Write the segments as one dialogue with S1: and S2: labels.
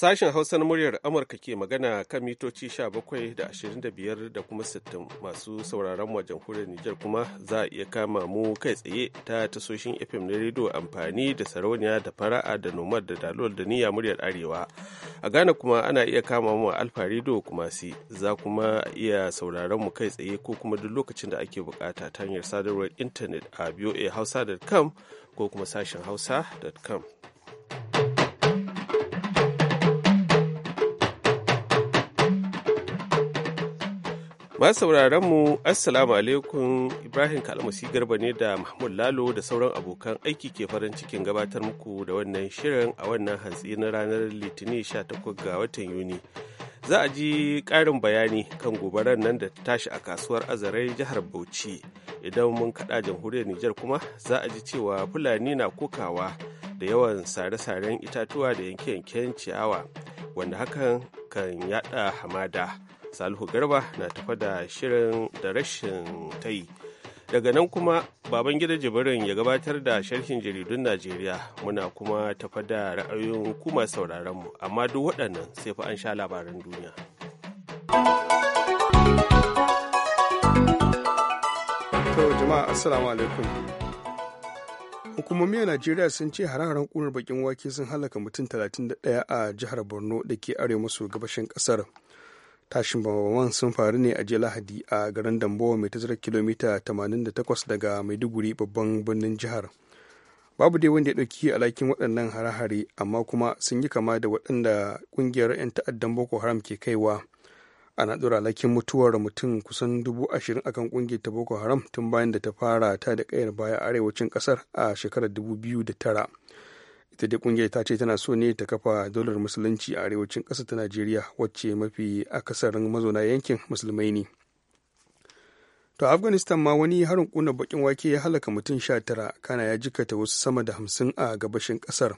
S1: Sashen Hausa na muryar Amurka ke magana kan mitoci 17 da 25 da kuma 60 masu sauraron wa jamhuriyar Nijar kuma za a iya kama mu kai tsaye ta tasoshin FM na rediyo amfani da sarauniya da fara'a da nomad da dalol da niyya muryar Arewa. A Ghana kuma ana iya kama mu Alfa rediyo kuma si za kuma iya sauraron mu kai tsaye ko kuma duk lokacin da ake bukata ta hanyar sadarwar intanet a voahausa.com ko kuma sashen hausa.com. Masu sauraron mu Assalamu alaikum Ibrahim Kalmasi Garba ne da Mahmud Lalo da sauran abokan aiki ke farin cikin gabatar muku da wannan shirin a wannan hantsi na ranar Litinin 18 ga watan Yuni. Za a ji ƙarin bayani kan gobarar nan da ta tashi a kasuwar Azarai jihar Bauchi. Idan mun kaɗa jamhuriyar Nijar kuma za a ji cewa Fulani na kokawa da yawan sare-saren itatuwa da yanke-yanken ciyawa wanda hakan kan yada hamada. Salihu Garba na tafa da shirin da rashin ta yi. Daga nan kuma baban gida jibirin ya gabatar da sharhin jaridun Najeriya muna kuma tafa da ra'ayoyin kuma sauraronmu amma duk waɗannan sai fa an sha labaran duniya.
S2: jama'a Hukumomi a Najeriya sun ce hare-haren kunar bakin wake sun halaka mutum 31 a jihar Borno da ke arewa maso gabashin kasar. tashin bambaman sun faru ne a jiya lahadi a garin dambowa mai tazarar kilomita 88 daga maiduguri babban birnin jihar babu dai wanda ya ɗauki lakin waɗannan hare-hare amma kuma sun yi kama da waɗanda ƙungiyar 'yan ta'addan boko haram ke kaiwa ana ɗora lakin mutuwar mutum kusan dubu ashirin akan ƙungiyar ta boko haram tun bayan da ta fara ta da kayar baya arewacin ƙasar a shekarar dubu biyu da tara ita dai kungiyar ta ce tana so ne ta kafa daular musulunci a arewacin ƙasar ta najeriya wacce mafi akasarin mazauna yankin musulmai ne to afghanistan ma wani harin kuna bakin wake ya halaka mutum sha tara kana ya jikata wasu sama da hamsin a gabashin kasar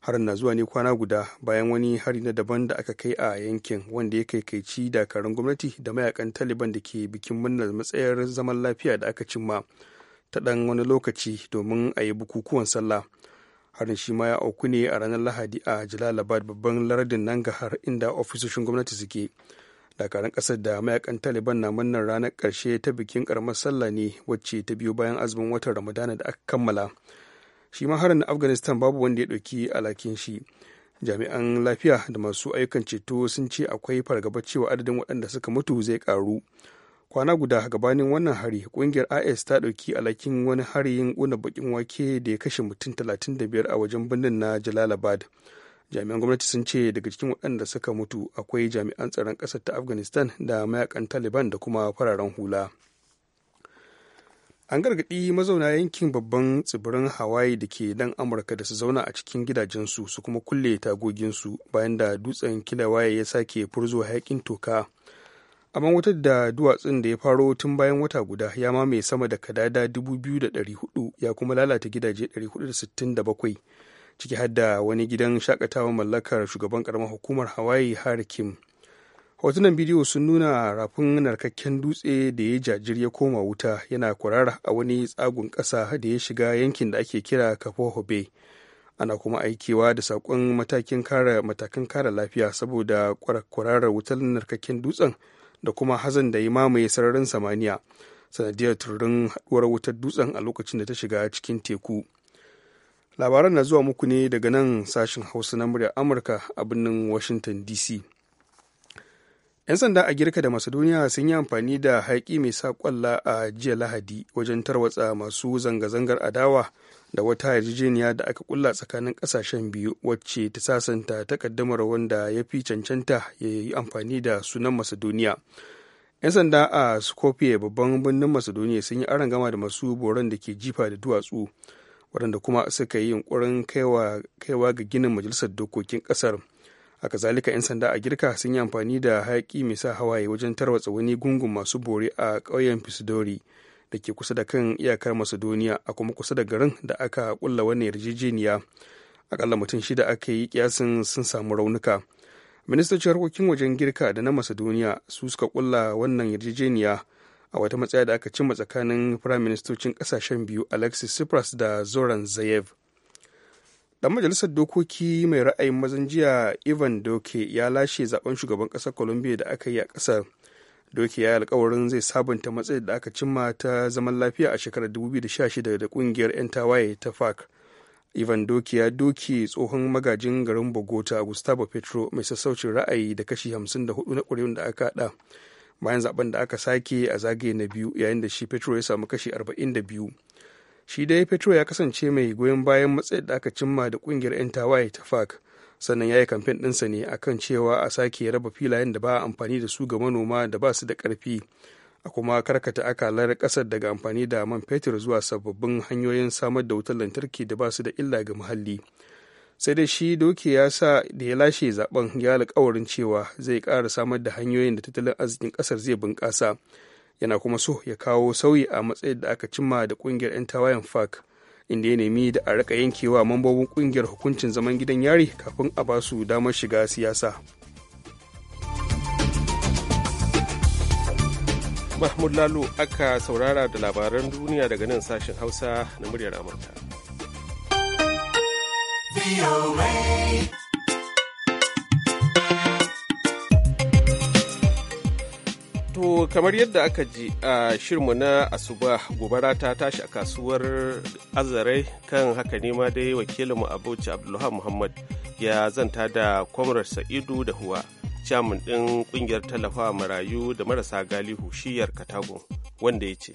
S2: harin na zuwa ne kwana guda bayan wani hari na daban da aka kai a yankin wanda ya kaikaici dakarun gwamnati da mayakan taliban da ke bikin murnar matsayar zaman lafiya da aka cimma ta ɗan wani lokaci domin a yi bukukuwan sallah harin shi ma ya auku ne a ranar lahadi a jalalabad babban lardin har inda ofisoshin gwamnati suke dakarun kasar da mayakan taliban na mannan ranar karshe ta bikin karamar sallah ne wacce ta biyo bayan azumin watan ramadana da aka kammala shi ma harin na afghanistan babu wanda ya ɗauki alakin shi jami'an lafiya da masu ayyukan ceto sun ce akwai fargaba cewa adadin waɗanda suka mutu zai karu. kwana guda gabanin wannan hari kungiyar is ta ɗauki alakin wani harin kuna bakin wake da ya kashe mutum 35 a wajen birnin na jalalabad jami'an gwamnati sun ce daga cikin waɗanda suka mutu akwai jami'an tsaron ƙasar ta afghanistan da mayakan taliban da kuma fararen hula an gargaɗi mazauna yankin babban tsibirin hawaii da ke dan amurka da su zauna a cikin gidajensu su kuma kulle tagoginsu bayan da dutsen kilawaye ya sake furzo hayakin toka aman wutar da duwatsun da ya faro tun bayan wata guda ya mamaye sama da kadada 2,400 ya kuma lalata gidaje 467 ciki hadda wani gidan shakatawa mallakar shugaban karamar hukumar hawaii kim hotunan bidiyo sun nuna rafin narkakken dutse da ya jajir ya koma wuta yana kwarara a wani tsagun ƙasa da ya shiga yankin da ake kira kafo ana kuma aikewa da saƙon matakan kare lafiya saboda kwararar wutar narkakken dutsen da kuma hazan da ya mamaye sararin samaniya sanadiyar turin haɗuwar wutar dutsen a lokacin da ta shiga cikin teku labaran na zuwa muku ne daga nan sashen hausa na muryar amurka a birnin washington dc 'yan sanda a girka da macedonia sun yi amfani da haƙi mai sa a jiya lahadi wajen tarwatsa masu zanga-zangar adawa da wata yarjejeniya da aka kulla tsakanin kasashen biyu wacce ta sasanta takaddamar wanda ya fi cancanta ya yi amfani da sunan macedonia 'yan sanda a skopje babban birnin macedonia sun yi gama da masu boron da ke jifa da duwatsu waɗanda kuma suka yi yunkurin kaiwa ga ginin majalisar dokokin ƙasar a kazalika 'yan sanda a girka sun yi amfani da hayaƙi mai sa hawaye wajen tarwatsa wani gungun masu bore a ƙauyen fisidori da ke kusa da kan iyakar macedonia a kuma kusa da garin da aka kulla wani yarjejeniya akalla mutum shida aka yi kiyasin sun samu raunuka ministocin harkokin wajen girka da na macedonia su suka kulla wannan yarjejeniya a wata matsaya da aka cimma tsakanin firayim ministocin kasashen biyu alexis tsipras da zoran zayev dan majalisar dokoki mai ra'ayin mazan jiya ivan doke ya lashe zaben shugaban kasar colombia da aka yi a kasar doki ya yi alkawarin zai sabunta matsayin da aka cimma ta zaman lafiya a shekarar 2016 da kungiyar 'yan tawaye ta fac ivan doki ya doki tsohon magajin garin bogota gustavo petro mai sassaucin ra'ayi da kashi 54 na ƙuri'un da aka haɗa bayan zaben da aka sake a zagaye na biyu yayin da shi petro ya samu kashi 42 shi dai petro ya kasance mai goyon bayan matsayin da aka cimma da ƙungiyar 'yan tawaye ta fac sannan ya yi kamfen ɗinsa ne akan cewa a sake raba filayen da ba a amfani da su ga manoma da ba su da ƙarfi a kuma karkata akalar ƙasar daga amfani da man fetur zuwa sababbin hanyoyin samar da wutar lantarki da ba su da illa ga muhalli sai dai shi doke ya sa da ya lashe zaben ya alkawarin cewa zai ƙara samar da hanyoyin da tattalin arzikin ƙasar zai bunƙasa yana kuma so ya kawo sauyi a matsayin da aka cimma da ƙungiyar 'yan tawayen fak inda ya nemi da a rika yankewa mambobin kungiyar hukuncin zaman gidan yari kafin a basu damar shiga siyasa
S1: mahmud lalu aka saurara da labaran duniya daga nan sashen hausa na muryar amurka To kamar yadda aka ji a shirmu na asuba gobara ta tashi a kasuwar azarai kan haka nema dai wakilinmu a Bauchi Abdullahi Muhammad ya zanta da kwamrar Sa'idu da Huwa, chairman ɗin ƙungiyar tallafa marayu da marasa galihu shiyar Katago wanda ya ce.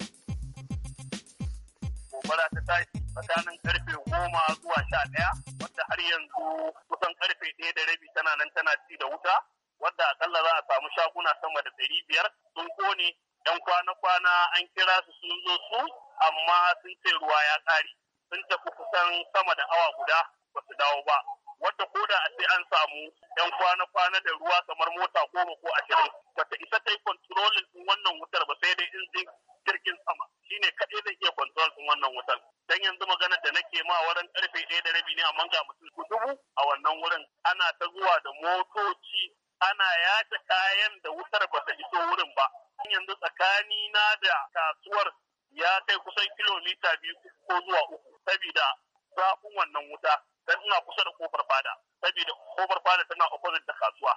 S3: Gobara ta tashi tsakanin karfe goma zuwa sha ɗaya, wanda har yanzu kusan karfe ɗaya da rabi tana nan tana ci da wuta. wadda akalla za a samu shaguna sama da ɗari biyar sun kone yan kwana-kwana an kira su sun zo su amma sun ce ruwa ya ƙare sun tafi kusan sama da awa guda ba su dawo ba wadda ko da a ce an samu yan kwana-kwana da ruwa kamar mota goma ko ashirin ta isa ta yi kontrolin wannan wutar ba sai dai in injin jirgin sama shine kaɗai zai iya kontrol ɗin wannan wutar dan yanzu magana da nake ma wurin karfe ɗaya da rabi ne amma ga mutum dubu a wannan wurin ana ta zuwa da motoci ana yaɗa kayan da wutar ba ta iso wurin ba yanzu tsakani na da kasuwar ya kai kusan kilomita biyu ko zuwa uku saboda zafin wannan wuta dan ina kusa da kofar fada saboda kofar fada tana opposite
S4: da kasuwa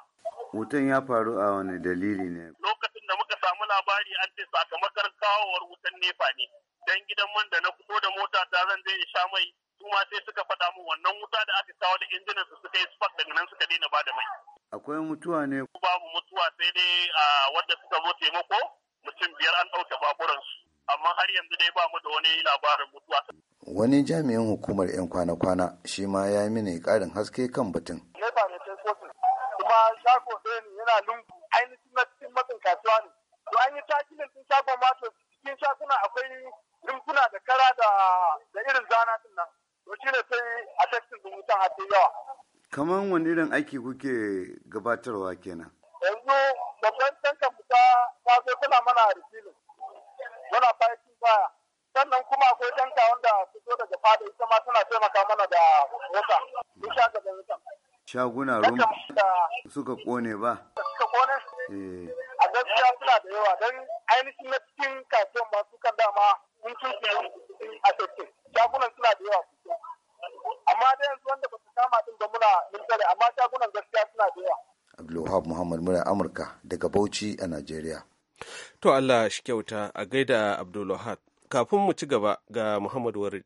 S4: wutan ya faru a wani dalili ne lokacin da muka samu labari an ce sakamakon kawowar
S3: wutan nefa ne dan gidan man da na fito da mota ta zan je in sha mai su sai suka faɗa min wannan wuta da aka kawo da injinansu suka yi spark daga nan suka daina ba da mai
S5: Akwai mutuwa ne? Babu mutuwa sai dai a wanda suka zo taimako mutum biyar an
S4: ɗauke su Amma har yanzu dai ba mu da wani labarin mutuwa. Wani jami'in hukumar 'yan kwana-kwana shi ma ya yi mini ƙarin haske kan batun. Nefa
S6: ne sai kuma shago ɗaya yana lungu ainihin na cikin matsin kasuwa ne. To an yi takilin sun shago ma to cikin shakuna, akwai rumfuna da kara da irin zana din nan. To shi ne sai a tekstin sun wutan a yawa.
S4: Kaman wani irin aiki kuke gabatarwa kenan?
S6: Yanzu babban tankan fita ta zo tana mana rikini. Muna fayakin baya. Sannan kuma akwai tanka wanda su zo daga fada ita ma tana taimaka mana da wata. Duk sha gaban wutan.
S4: Shaguna rum suka kone ba. Suka kone? Eh.
S6: A gaskiya suna da yawa don ainihin na cikin kasuwan masu kan dama mun sun a tattace. Shagunan suna da yawa amma da yanzu wanda ba su
S4: kama din da muna mun amma shagunan gaskiya suna da yawa Abdulwahab Muhammad muna Amurka daga Bauchi a Najeriya
S1: to Allah shi kyauta a gaida Abdulwahab kafin mu ci gaba ga Muhammad Wari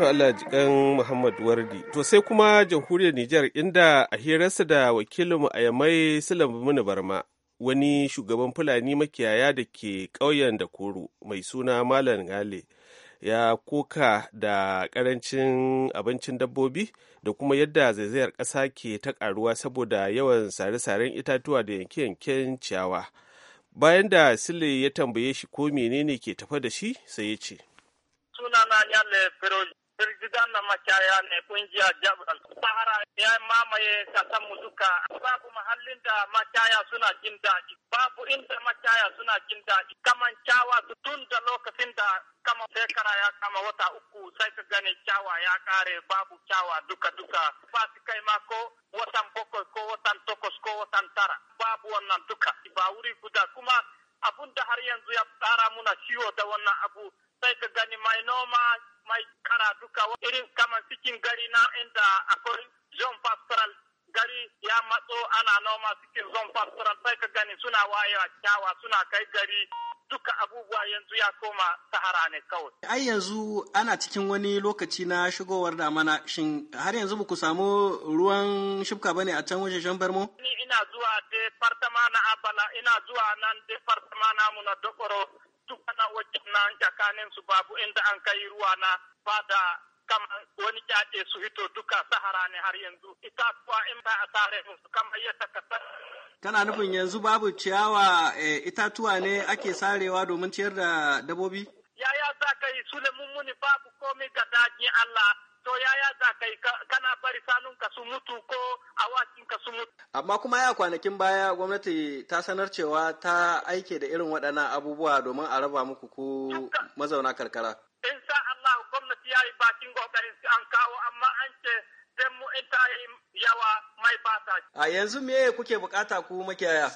S1: to Allah jikan Muhammad Wardi. To sai kuma jamhuriyar Nijar inda a hirarsa da wakilinmu a yamai Sulaimu Barma wani shugaban Fulani makiyaya da ke ƙauyen da koro mai suna Malam Gale ya koka da ƙarancin abincin dabbobi da kuma yadda zaizayar ƙasa ke ta ƙaruwa saboda yawan sare-saren itatuwa da yanke-yanken ciyawa. Bayan da Sule ya tambaye shi ko menene ke tafa da shi sai ya ce.
S6: sunana Yalle Feroji firjidan na makiyaya ne kungiya jabran sahara ya mamaye kasan mu duka babu mahallin da makiyaya suna jin daɗi babu inda makiyaya suna jin daɗi kaman kyawa tun da lokacin da kama shekara ya kama wata uku sai ka gane kyawa ya kare babu kyawa duka duka ba su kai ma ko watan bakwai ko watan takwas ko watan tara babu wannan duka ba wuri guda kuma abun da har yanzu ya tsara muna ciwo da wannan abu sai ka gani mai noma mai wa. irin kamar cikin gari na inda akwai zon pastoral gari ya matso ana noma cikin zon pastoral sai ka gani suna wayewa kyawa suna kai gari duka abubuwa yanzu ya koma
S5: sahara ne kawai. Ai yanzu ana cikin wani lokaci na shigowar damana shin har yanzu ba ku samu ruwan shibka bane a can wajen Barmo?
S6: Ni ina zuwa departama na Abala ina zuwa nan departama na mu na Dokoro duk ana wajen nan tsakanin su babu inda an kai ruwa na fada da kama wani kyaɗe su hito duka sahara ne har yanzu itatuwa in ba a tare musu kamar yadda ka
S5: Kana nufin yanzu babu ciyawa eh, itatuwa ne ake sarewa domin ciyar da dabobi?
S6: Yaya za ka yi sule mummuni babu komai ga dajin Allah to yaya za ka yi kana bari sanunka su mutu ko awakinka
S5: kasu mutu. Amma kuma ya kwanakin baya gwamnati ta sanar cewa ta aike da irin waɗannan abubuwa domin a raba muku ku mazauna karkara.
S6: In sa Allah gwamnati ya yi bakin su an kawo amma an ce zai mu in yawa mai fata.
S5: A yanzu me kuke bukata ku makiyaya?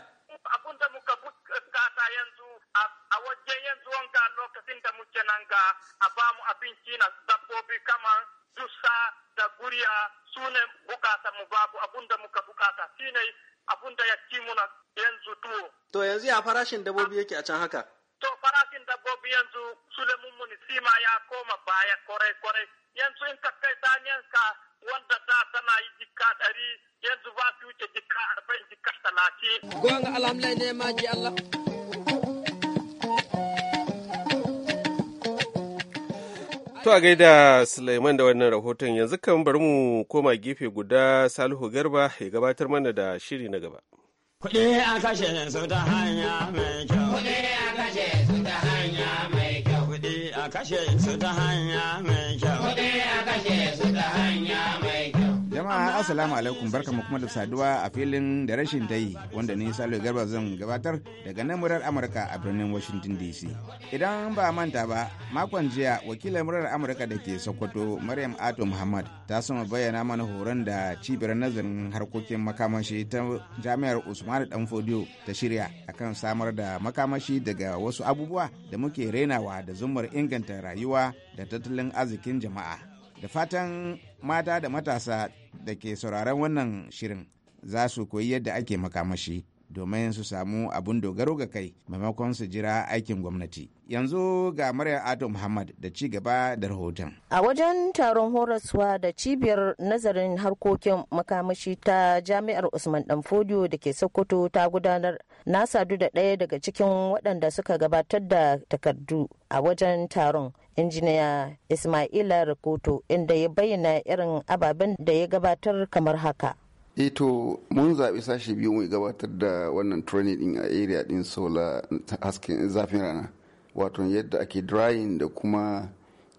S5: yanzu ya farashin dabbobi yake a can haka? To farashin dabbobi
S6: yanzu Sulemun sima ya koma baya kwarai-kwarai. Yanzu in ka kai saniyanka wanda da tana yi jika ɗari yanzu ba su wuce jika arba'in jika talatin. Gonga alhamdulillah ne ma ji Allah.
S1: To a gaida Sulaiman da wannan rahoton yanzu kan bari mu koma gefe guda Salihu Garba ya gabatar mana da shiri na gaba.
S6: Kuɗi a kashe su ta hanya mai kyau. Kuɗi a kashe su ta
S5: hanya mai kyau.
S6: Kuɗi a kashe su ta hanya mai kyau.
S7: Kuɗi
S5: a kashe su ta hanya
S7: mai kyau. Jama'a Assalamu alaikum barkamu kuma da saduwa a filin da rashin ta yi wanda ni Salo Garba zan gabatar daga nan murar Amurka a birnin Washington DC. Idan ba manta ba, makon jiya wakilin murar Amurka da ke Sokoto Maryam Ato Muhammad ta sama bayyana mana horon da cibiyar nazarin harkokin makamashi ta Jami'ar Usman Danfodiyo ta shirya akan samar da makamashi daga wasu abubuwa da muke renawa da zumar inganta rayuwa da tattalin arzikin jama'a. Da fatan mata da matasa da ke sauraron wannan shirin za su koyi yadda ake makamashi domin su samu abun dogaro ga kai maimakon su jira aikin gwamnati. Yanzu ga Maryam Ado Muhammad da ci gaba da rahoton.
S8: A wajen taron horaswa da cibiyar nazarin harkokin makamashi ta Jami'ar Usman Danfodiyo da ke Sokoto ta gudanar na sadu da ɗaya daga cikin waɗanda suka gabatar da takardu a wajen taron. injiniya ismaila rikuto inda ya bayyana irin ababen da ya gabatar kamar haka
S4: ito eh mun zaɓi sashe biyu mai gabatar da wannan training din a area din solar hasken zafin rana wato yadda ake drying da kuma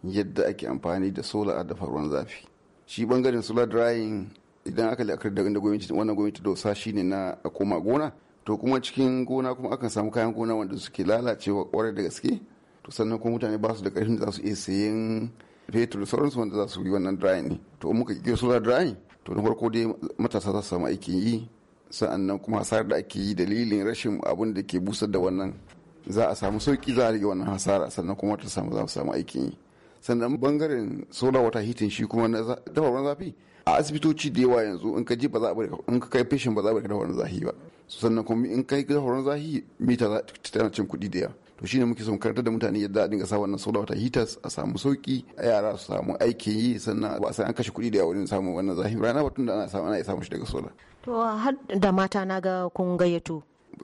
S4: yadda ake amfani da solar a dafa ruwan zafi shi bangaren solar drying idan aka lakar da wanda gwamnati wannan gwamnati dosa shine na koma gona to kuma cikin gona kuma akan samu kayan gona wanda suke lalacewa kwarai da gaske to sannan kuma mutane ba su da ƙarfin da za su iya sayen fetur da sauransu wanda za su yi wannan drying to in muka ƙirƙiro solar drying to na farko dai matasa za su samu aikin yi sa'annan kuma hasarar da ake yi dalilin rashin abin da ke busar da wannan za a samu sauki za a rage wannan hasara sannan kuma ta samu za su samu aikin yi sannan bangaren solar water heating shi kuma na dafa zafi a asibitoci da yawa yanzu in ka je ba za a bari in ka kai fashin ba za a bari dafa ruwan zafi ba sannan kuma in kai dafa ruwan zafi mita za tana cin kuɗi da yawa to shine muke son karanta da mutane yadda a dinga sa wannan solar water heaters a samu sauki yara su samu aiki yi sannan ba sai an kashe kuɗi da yawon samun wannan zahiri rana batun da ana samu ana samu shi daga solar
S8: to har da mata na ga
S4: kun gayyato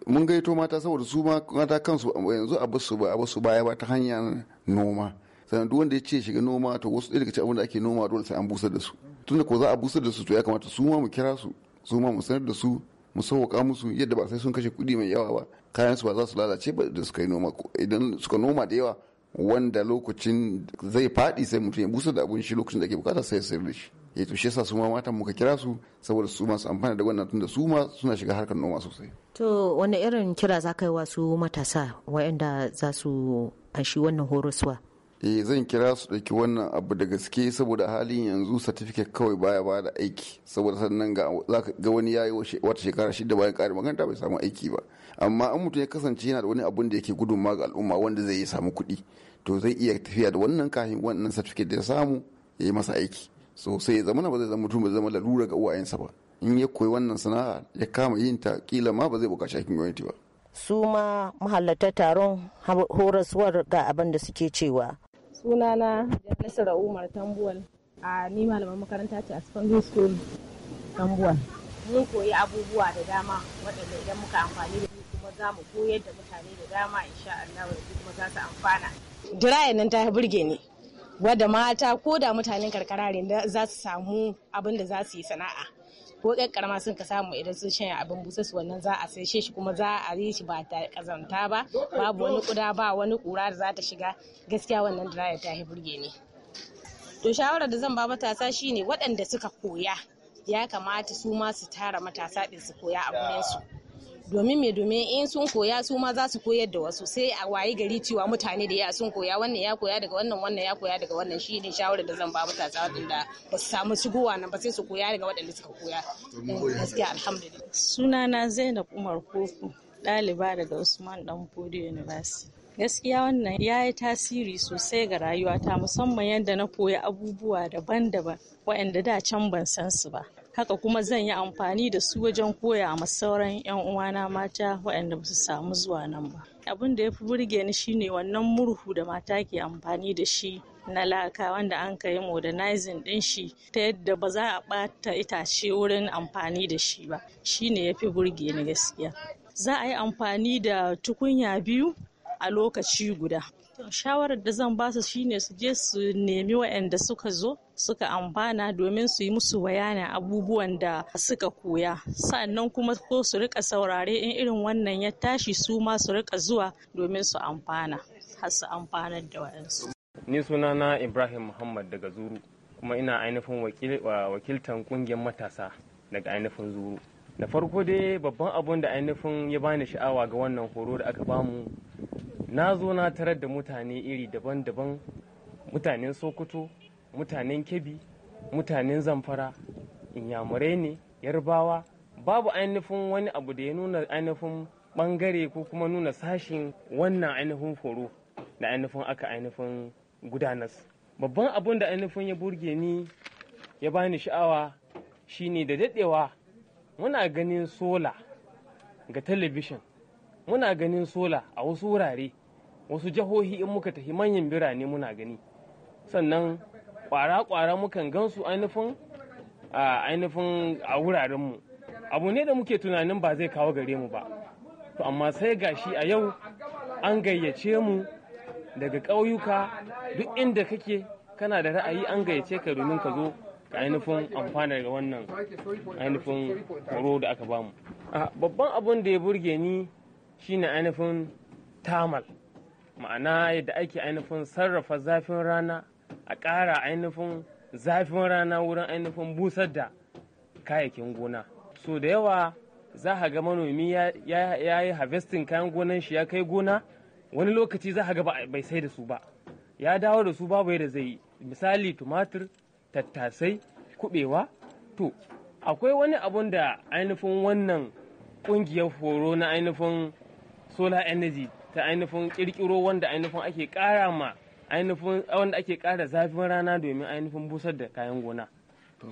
S4: mun gayyato mata saboda su ma mata kansu yanzu a basu ba a basu baya ba ta hanyar noma sannan duk wanda ya ce shiga noma to wasu ɗaya daga cikin abin da ake noma dole sai an busar da su tunda ko za a busar da su to ya kamata su ma mu kira su su ma mu sanar da su mu sauwaka musu yadda ba sai sun kashe kuɗi mai yawa ba kayan su ba za su lalace ba da suka yi noma idan suka noma da yawa wanda lokacin zai faɗi sai mutum ya busa da abun shi lokacin da ke bukata sai ya sayar da shi ya eh, to shi yasa su ma matan muka kira su saboda su masu amfana da wannan tunda su ma suna shiga harkar noma sosai
S8: to wani irin kira za ka yi wa su matasa waɗanda za su anshi wannan horoswa
S4: eh zan kira su dauki wannan abu da gaske saboda halin yanzu certificate kawai baya ba da aiki saboda sannan ga ga wani yayi wata shekara shida bayan ƙarin maganta bai samu aiki ba amma an mutum ya kasance yana da wani abun da yake gudunma ga al'umma wanda zai yi samu kuɗi to zai iya tafiya da wannan kahin wannan certificate da ya samu ya yi masa aiki so sai ya zama ba zai zama mutum ba zama lalura ga uwayensa ba in ya koyi wannan sana'a ya kama yin ta kila ma ba zai buƙaci aikin gwamnati ba
S8: su ma mahallata taron horaswar ga abin da suke cewa sunana Nasira Umar Tambuwal a ni malaman makaranta ce a secondary school Tambuwal. Mun koyi abubuwa da dama waɗanda idan muka amfani da su kuma za mu koyar da mutane da dama insha Allah da kuma za su amfana. Dirayen nan ta burge ni. Wadda mata ko da mutanen karkara ne za su samu abin da za su yi sana'a. ko ƙyar ma sun ka samu idan sun shanya abin busa su wannan za a sai shi kuma za a yi shi ba ta kazanta ba babu wani kuda ba wani kura da za ta shiga gaskiya wannan dryer ta yi burge ne to shawarar da zan ba matasa shine waɗanda suka koya ya kamata su ma su tara matasa ɗin su koya abin su domin mai domin in sun koya su ma za su koyar da wasu sai a waye gari cewa mutane da ya sun koya wannan ya koya daga wannan wannan ya koya daga wannan shi ne shawarar da zan ba matasa waɗanda ba su samu shigowa nan ba sai su koya daga waɗanda suka koya gaskiya alhamdulillah sunana Zainab Umar Koko ɗaliba daga Usman dan Danfodiyo University gaskiya wannan ya yi tasiri sosai ga rayuwata musamman yadda na koya abubuwa daban-daban waɗanda da can ban san su ba haka kuma zan yi amfani da su wajen koya ma sauran 'yan uwana mata waɗanda ba su samu zuwa nan ba abin da ya fi burge ni shine wannan murhu da mata ke amfani da shi na laka wanda an ka yi modernizing din shi ta yadda ba za a ɓata itace wurin amfani da shi ba shine ya fi burge ni gaskiya za a yi amfani da tukunya biyu a lokaci guda shawarar da zan ba su shine su je su nemi waɗanda suka zo suka amfana domin su yi musu bayanin abubuwan da suka koya sannan kuma ko su rika saurare in irin wannan ya tashi su ma su rika zuwa domin su amfana har su amfanar da waɗansu.
S9: ni sunana ibrahim muhammad daga zuru kuma ina ainihin wakiltan kungiyar matasa daga ainihin zuru da farko dai babban abun da ainihin ya bani sha'awa ga wannan horo da aka bamu na zo na tarar da mutane iri daban-daban mutanen sokoto mutanen kebi mutanen zamfara inyamurai ne yarbawa babu ainihin wani abu da ya nuna ainihin bangare ko kuma nuna sashin wannan ainihin foro da ainihin aka ainihin gudanas babban abun da ainihin ya burge ni ya bani sha'awa shine da daɗewa muna ganin sola ga talabishin muna ganin sola a wasu wurare wasu jihohi in muka tafi manyan birane muna gani sannan kwara-kwara mukan gan su ainihin ainihin a wurarenmu abu ne da muke tunanin ba zai kawo gare mu ba to amma sai gashi a yau an gayyace mu daga ƙauyuka duk inda kake kana da ra'ayi an gayyace ka domin ka zo ka ainihin amfana da wannan
S6: ainihin horo
S9: da aka bamu babban abin da ya burge ni shine ainihin tamal ma'ana yadda ake ainihin sarrafa zafin rana a ƙara ainihin zafin rana wurin ainihin busar da kayayyakin gona so da yawa za a ga manomi ya yi harvesting kayan gonan shi ya kai gona wani lokaci za a ga bai sai da su ba ya dawo da su babu da zai yi misali tumatir tattasai kubewa to akwai wani abun da ainihin wannan kungiyar horo na ainihin solar energy ta ainihin kirkiro wanda ainihin ake kara ma ainihin wanda ake ƙara zafin rana domin ainihin busar da kayan gona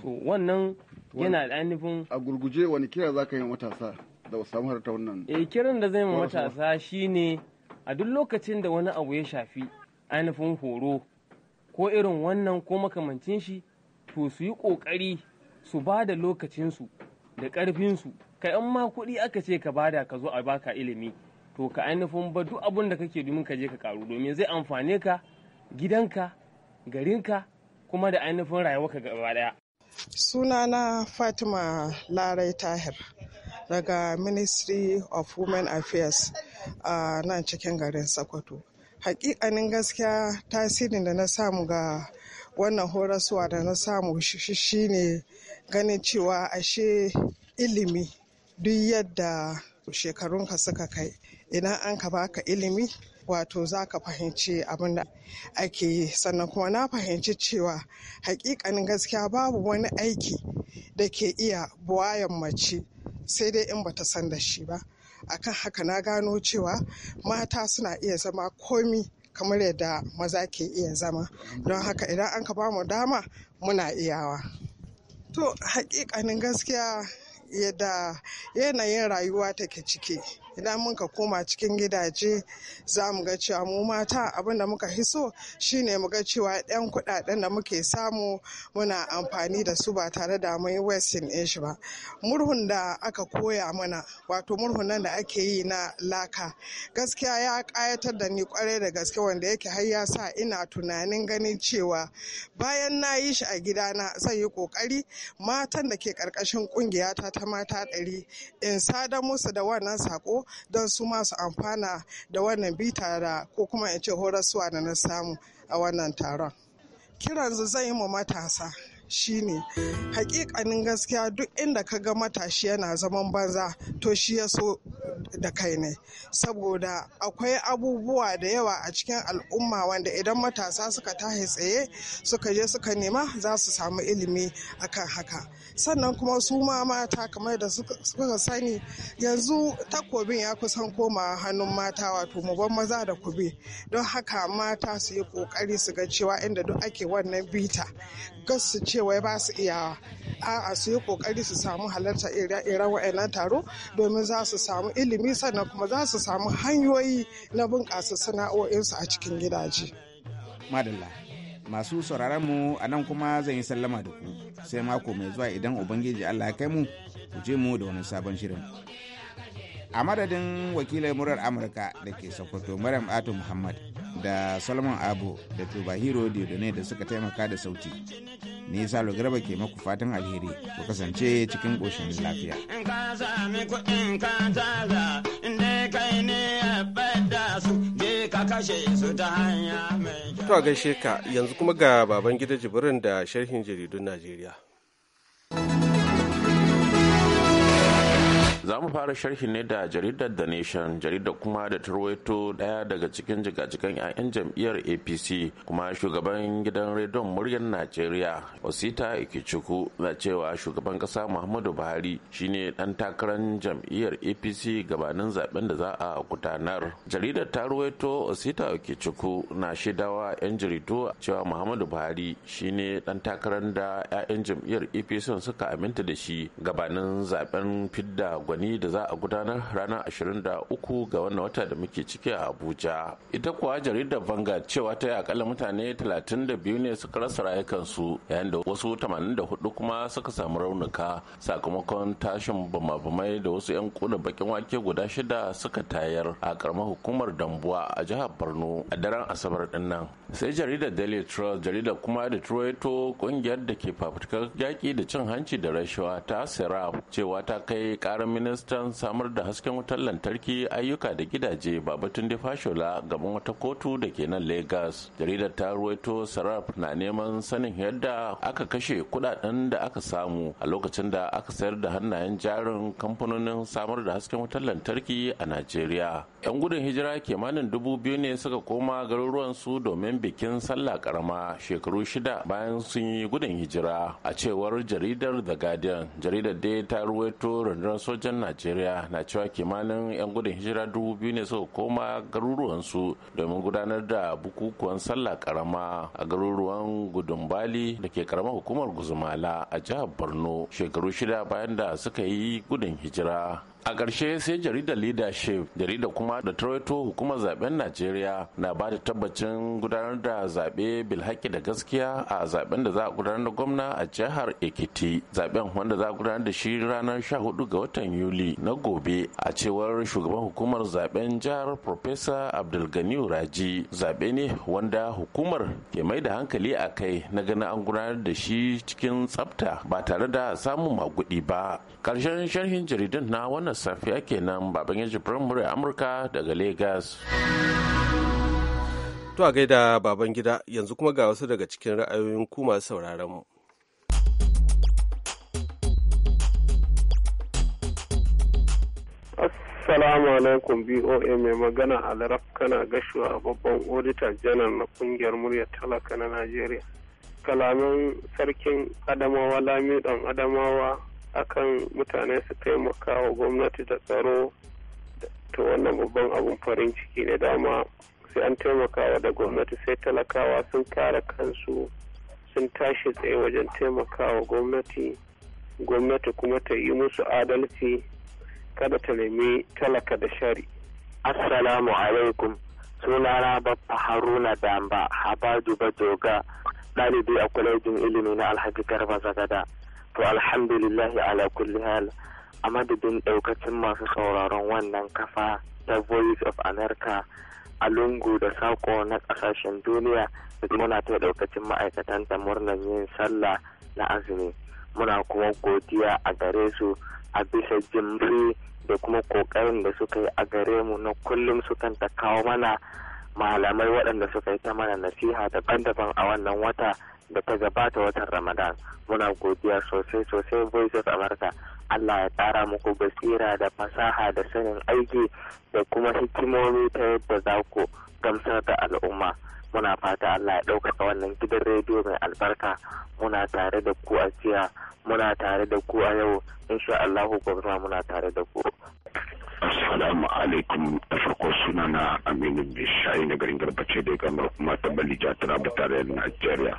S4: so wannan yana da ainihin a gurguje wani kira za ka yi matasa da wasu samar ta wannan eh kiran da zai ma matasa
S9: shine a duk lokacin da wani abu ya shafi ainihin horo ko irin wannan ko makamancin shi to su yi ƙoƙari su ba da lokacinsu da ƙarfinsu ka in ma kuɗi aka ce ka bada ka zo a baka ilimi to ka ainihin ba duk abin da kake domin ka je ka karu domin zai amfane ka gidanka garinka kuma da ainihin rayuwarka gaba daya
S8: sunana fatima larai tahir daga ministry of women affairs a nan cikin garin sokoto hakikanin gaskiya tasirin da na samu ga wannan horaswa da na samu shine ganin cewa ashe ilimi duk yadda shekarunka suka kai idan an ka baka ilimi wato za ka fahimci abin da ake yi sannan kuma na fahimci cewa hakikanin gaskiya babu wani aiki da ke iya buwayan mace sai dai in bata san da shi ba akan haka na gano cewa mata suna iya zama komi kamar yadda maza ke iya zama don haka idan an ka bamu dama muna iyawa to hakikanin gaskiya yadda yanayin rayuwa take ciki idan muka koma cikin gidaje za mu ga cewa mu mata abin da muka hiso shine mu ga cewa 'yan kuɗaɗen da muke samu muna amfani da su ba tare da mun yi westin ɗin shi ba murhun da aka koya mana wato murhun nan da ake yi na laka gaskiya ya ƙayatar da ni kwarai da gaske wanda yake har ya sa ina tunanin ganin cewa bayan na yi shi a gidana zan yi ƙoƙari matan da ke ƙarƙashin ƙungiyata ta mata ɗari in sada musu da wannan sako don su masu amfana da wannan bita da ko kuma in ce horaswa da na samu a wannan taron. Kiran zai yi mu matasa. shine hakikanin gaskiya duk inda ka ga matashi yana zaman banza to shi ya so da kai ne saboda akwai abubuwa da yawa a cikin al'umma wanda idan matasa suka tahi tsaye suka je suka nema za su samu ilimi akan haka sannan kuma su ma mata kamar da suka sani yanzu takobin ya kusan koma hannun mata wato muban maza da kube don haka mata su yi kokari su ga cewa inda duk ake wannan bita gas su ce cewa wai ba su iyawa a'a su yi kokari su samu halarta ire-iren wa'annan taro domin za su samu ilimi sannan kuma za su samu hanyoyi na bunƙasa sana'o'insu a cikin
S7: gidaje. Madalla, masu sauraron mu a nan kuma zan yi sallama da ku sai mako mai zuwa idan Ubangiji Allah ya kai mu ku je mu da wani sabon shirin. A madadin wakilai murar Amurka da ke Sokoto Maryam ato Muhammad da Solomon Abu da Tubahiro Diodone da suka taimaka da sauti. ne salo garba ke maku fatan alheri ku kasance cikin ƙoshin lafiya
S1: To a gaishe ka yanzu kuma ga baban gida jibirin da sharhin jaridun Najeriya.
S10: A fara sharhi ne da jaridar The Nation, jaridar kuma da ta ruwaito daya daga cikin jigajigan 'ya'yan jam'iyyar APC kuma shugaban gidan rediyon muryar Najeriya Osita Ikechukwu na cewa shugaban kasa Muhammadu Buhari shine dan takarar jam'iyyar APC gabanin zaben da za a gudanar. Jaridar ta ruwaito Osita Ikechukwu na shaidawa 'yan jaridu cewa Muhammadu Buhari shine dan takarar da 'ya'yan jam'iyyar APC suka aminta da shi gabanin zaben fidda gwani da za a gudanar ranar 23 ga wannan wata da muke ciki a abuja ita kuwa jaridar vanga cewa ta akalla mutane 32 ne suka rasa rayukansu yayin da wasu 84 kuma suka samu raunuka sakamakon tashin bamabamai da wasu 'yan kuna bakin wake guda shida suka tayar a karamar hukumar dambuwa a jihar borno a daren asabar din sai jaridar daily trust jaridar kuma da ƙungiyar kungiyar da ke fafutukar yaki da cin hanci da rashawa ta sirap cewa ta kai karar minista ministan samar da hasken wutar lantarki ayyuka da gidaje babatun fashola gaban wata kotu da ke nan lagos jaridar ta ruwaito sarraf na neman sanin yadda aka kashe kudaden da aka samu a lokacin da aka sayar da hannayen jarin kamfanonin samar da hasken wutar lantarki a najeriya yan gudun hijira kimanin dubu biyu ne suka koma garuruwansu domin bikin sallah karama shekaru shida bayan sun yi gudun hijira a cewar jaridar the guardian jaridar dai ta ruwaito rundunar sojan najeriya najeriya na cewa kimanin 'yan gudun hijira dubu biyu ne suka koma garuruwansu domin gudanar da bukukuwan sallah karama a garuruwan gudun bali da ke karamar hukumar guzumala a jihar borno shekaru shida bayan da suka yi gudun hijira a ƙarshe sai jaridar leadership jaridar kuma da taraito hukumar zaben najeriya na ba da tabbacin gudanar da zaɓe bilhaki da gaskiya a zaben da za a gudanar da gwamna a jihar ekiti zaben wanda za a gudanar da shi ranar 14 ga watan yuli na gobe a cewar shugaban hukumar zaben jihar professor abdulgani raji zaɓe ne wanda hukumar ke mai da hankali a kai na ganin an gudanar da shi cikin tsafta ba tare da samun maguɗi ba ƙarshen sharhin jaridun na wannan safiya kenan baban yaji firamare amurka daga lagos to a
S1: gaida baban gida yanzu kuma ga wasu daga cikin ra'ayoyin kuma sauraron mu Assalamu alaikum BOA mai magana Alaraf kana gashuwa a babban odita janar na kungiyar murya talaka na Najeriya. Kalamin sarkin Adamawa Lami dan Adamawa akan mutane su taimaka wa gwamnati da tsaro ta wannan babban abun farin ciki ne dama sai an taimakawa da gwamnati sai talakawa sun kare kansu sun tashi tsaye wajen taimakawa
S9: gwamnati gwamnati kuma ta yi musu adalci kada ta nemi talaka da shari assalamu alaikum sunana babba haruna damba habaju bajoga ɗalibi a kwalejin ilimi na alhaji garba zagada To alhamdulillah ala kulli hal a madadin daukacin masu sauraron wannan kafa ta Voice of America a lungu da sako na kasashen duniya da muna ta daukacin ma'aikatan ta murnar yin sallah na azumi muna kuma godiya a gare su a bisa jimri da kuma kokarin da suka yi a gare mu na kullum sukan ta kawo mana malamai waɗanda suka yi ta mana nasiha daban-daban a wannan wata da ta gabata watan ramadan muna godiya sosai sosai voice of america allah ya tsara muku basira da fasaha da sanin aiki da kuma hikimomi ta yadda za ku gamsar da al'umma muna fata allah ya ɗaukaka wannan gidan rediyo mai albarka muna tare da ku a jiya muna tare da ku a yau insha allahu gwamna muna tare da ku
S3: Assalamu alaikum da farko suna na Aminu Bishayi na garin garbace da ya gamar kuma ta ba tare da Najeriya.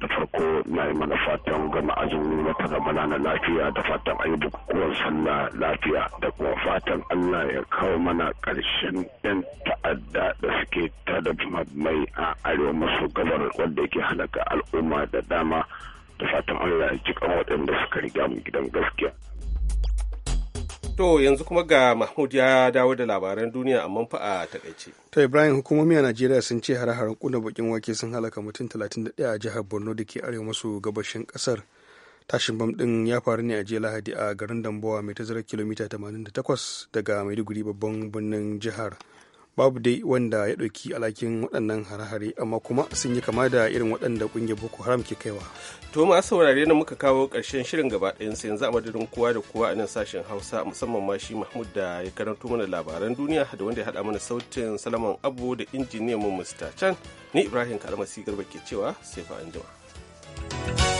S3: da farko na yi mana fatan gama azumi na ta zama lafiya da fatan yi bukukuwan sallah lafiya da kuma fatan allah ya kawo mana ƙarshen yan ta'adda da suke tada mai a arewa maso gabar wanda yake halaka al'umma da dama da fatan allah ya ji kan
S1: waɗanda suka riga mu gidan gaskiya. To yanzu kuma ga Mahmud ya dawo da labaran duniya amma fa a takaice.
S2: To Ibrahim hukumomi a Najeriya sun ce hare-haren kuna bakin wake sun halaka mutum 31 a jihar Borno da ke arewa maso gabashin kasar. Tashin bam din ya faru ne a jiya Lahadi a garin Dambowa mai tazarar kilomita 88 daga Maiduguri babban birnin jihar. babu dai wanda ya ɗauki alakin waɗannan hare-hare amma kuma sun yi kama da irin waɗanda ƙungiyar boko haram ke kaiwa
S1: to ma saurare na muka kawo ƙarshen shirin gaba ɗayan sai yanzu a madadin kowa da kowa a nan sashen hausa musamman ma shi mahmud da ya karanto mana labaran duniya da wanda ya haɗa mana sautin salaman abu da injiniyan mu mista chan ni ibrahim kalmasi garba ke cewa sai fa anjima. thank